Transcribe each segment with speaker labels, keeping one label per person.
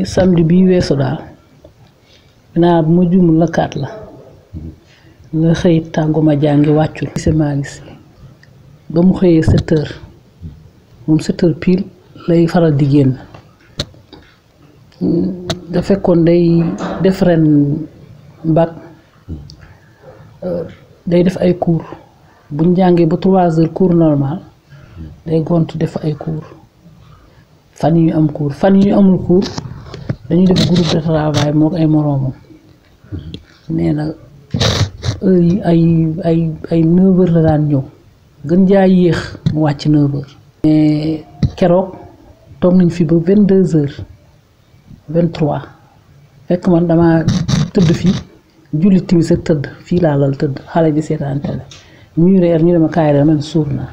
Speaker 1: ci samedi bi weesu daal naa bu ma juumul la kaat la la xëy tàgguma jàngi wàccul gise maa gis ba mu xëyee sept moom sept heures lay faral di génn hmm, da fekkoon day def ren bac euh, day def ay cours buñ jàngee ba trois heures cours day gont def ay cours fan yu am cours fan yu amul cours dañuy def groupe de travail mook ay moroomam nee na heure yi ay ay ay neuf heures la daan ñëw gën jaa yéex mu wàcc neuf heures mais keroog toog nañ fi ba vingt deux heures vingt trois fekk man damaa tëdd fii julli timis ak tëdd fii laa lal tëdd xale bi seetaan tele ñuy reer ñu dema kaay reer man suur naa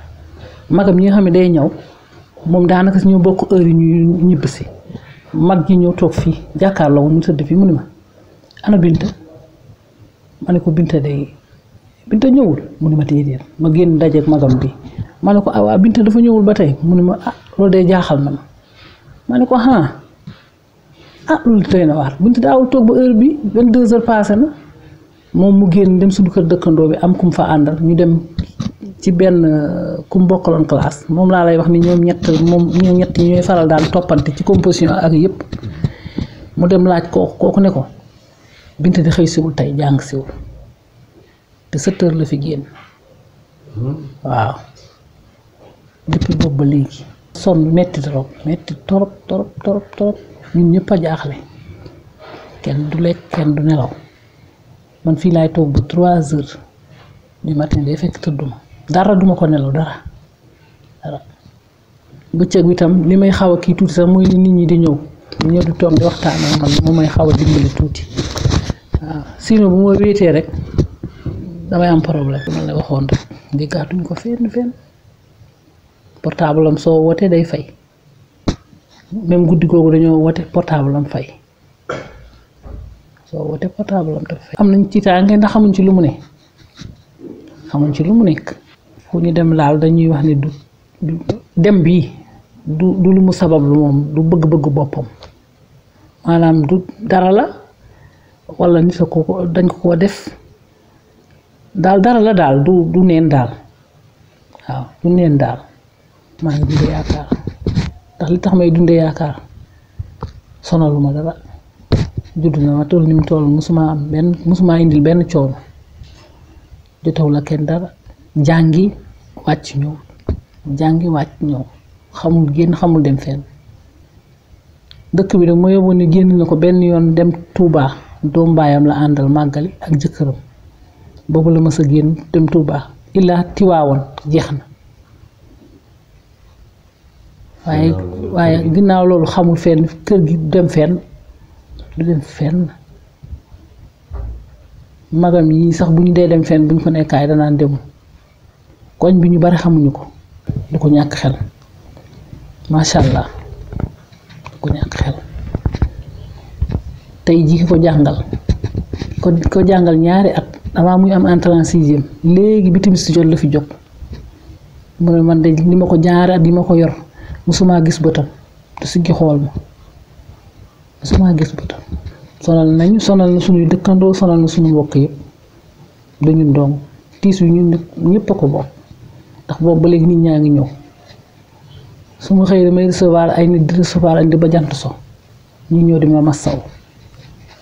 Speaker 1: magam ñi nga xam ne day ñëw moom daanaka si ñoo bokk heure yi ñuy ñibb si mag ji ñëw toog fii jàkkaarloo mu sëdd fii mu ne ma ana Binta ma ne ko Binta day Binta ñëwul mu ne ma déedéet ma génn dajeeg magam bi ma ne ko ah waa Binta dafa ñëwul ba tey mu ne ma ah loolu day jaaxal na ma ma ne ko ah ah loolu doy na waar Binta daawul toog ba heure bi vingt-deux heures passé na moom mu génn dem suñu kër dëkkandoo bi am ku fa àndal ñu dem. ci benn euh, ku mbokkaloon classe moom laa lay wax ni ñoom ñett moom ñoom ñett ñooy faral daan toppante ci composition ak yépp mu dem laaj kooku kooku ne ko bint di xëy siwul tey jàng siwul te sept heures la fi génn waaw depuis boobu ba léegi sonn metti trop metti torop torop torop torop ñun ñëpp a jaaxle kenn du lekk kenn du nelaw man fii laay toog ba trois heures du matin day fekk tëdduma dara duma ko nelaw dara dara bëccëg bi li may xaw a kii tuuti sax muy nit ñi di ñëw ñu ñëw di toog di waxtaan ak man mu may xaw a tuuti waaw sinon bu ma wéetee rek damay am problème man la waxoon rek déggaatuñ ko fenn fenn portable soo wootee day fay même guddi googu dañoo woote portable fay soo wootee portable am fay. am nañ ci tànge ndax xamuñ ci lu mu ne xamuñ ci lu mu nekk. ku ñu dem laal dañuy wax ni du dem bi du du lu mu sabab lu moom du bëgg-bëgg boppam maanaam du dara la wala nit ko dañ ko def daal dara la daal du du neen daal waaw du neen daal maa ngi dundee yaakaar ndax li tax may dundee yaakaar sonaluma dara judd ma toll ni mu musuma am musuma indil benn coono jotewul la dara jàngi wàcc ñëw jàngi wàcc ñëw xamul génn xamul dem fenn dëkk bi de moo yóbboon ne génn na ko benn yoon dem Touba doom baayam la àndal màggali ak jëkkëram boobu la mës a génn dem Touba illaa tiwaawoon jeex na waaye waaye ginnaaw loolu xamul fenn kër gi dem fenn du dem fenn magam yi sax bu ñu dee dem fenn bu ñu ko nekkaay danaan demul koñ bi ñu bari xamuñu ko du ko ñàkk xel macha allah du ko ñàkk xel tey ji ko jàngal ko ko jàngal ñaari at avant muy am entrée en sixième léegi bitim si jot la fi jóg mu ne man de li ma ko ñaari at ko yor musuma gis bëtam du siggi xool ma musuma gis bëtam sonal nañu sonal na suñu dëkkandoo sonal na suñu mbokk yëpp dañu dong tiis yu ñun ko bokk ndax boobu ba léegi nit ñaa ngi ñëw su ma xëyee damay recevoir ay nit di recevoir ay nit ba jant so ñu ñëw di ma ma saw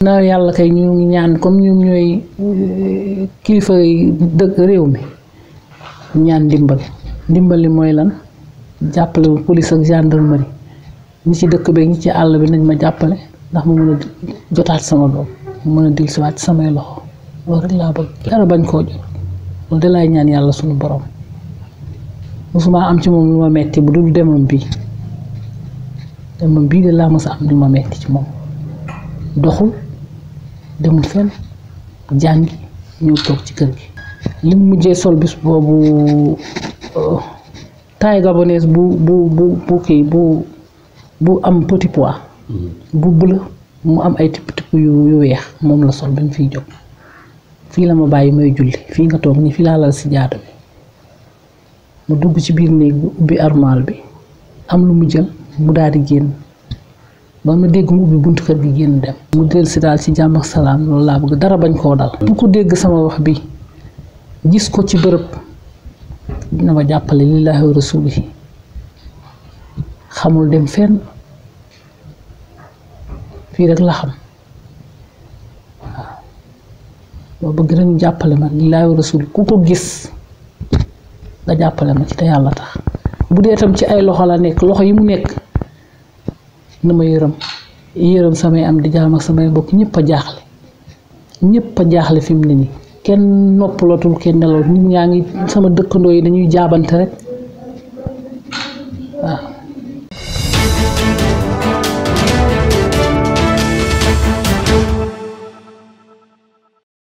Speaker 1: na yàlla kay ñu ngi ñaan comme ñoom ñooy eh, kilifa dëkk réew mi ñaan ndimbal ndimbal li mooy lan jàppale police ak gendarmerie ñi ci dëkk bi ñi ci àll bi nañ ma jàppale ndax ma mën a jotaat sama doom mu mën a dil siwaat samay loxo loolu rek laa bëgg dara bañ koo jot loolu de laay ñaan yàlla sunu borom musuma am ci mom luma metti bu dul demam bi demam bi de la ma sa am lu ma metti ci mom doxul demul fen jàngi ñu tok ci kër gi lim mujjé sol bis bobu euh, tay gabonais bu bu bu bu kii bu bu am petit pois mm-hmm. bu bleu mu am ay tip tip yu yu weex mom la sol bi fi jog fi la ma bayyi may julli fi nga tok ni fi la la si jaata mu dugg ci biir néeg bi ubbi armal bi am lu mu jël mu daal di génn ba ma dégg mu ubbi buntu kër gi génn dem mu del si daal ci jàmm ak salaam loolu laa bëgg dara bañ koo dal bu ko dégg sama wax bi gis ko ci bërëb dina ma jàppale lillahi wa rasulihi xamul dem fenn fii rek la xam waaw boo bëgg rek jàppale ma lillahi ku ko gis nga jàppale ma ci te yàlla tax bu dee tam ci ay loxo la nekk loxo yi mu nekk na ma yërëm yërëm samay am di jaam ak samay mbokk ñëpp a jaaxle ñépp a jaaxle fi mu ne nii kenn noppalatul kenn nelaw nit ñaa ngi sama dëkkandoo yi dañuy jaabante rek waaw.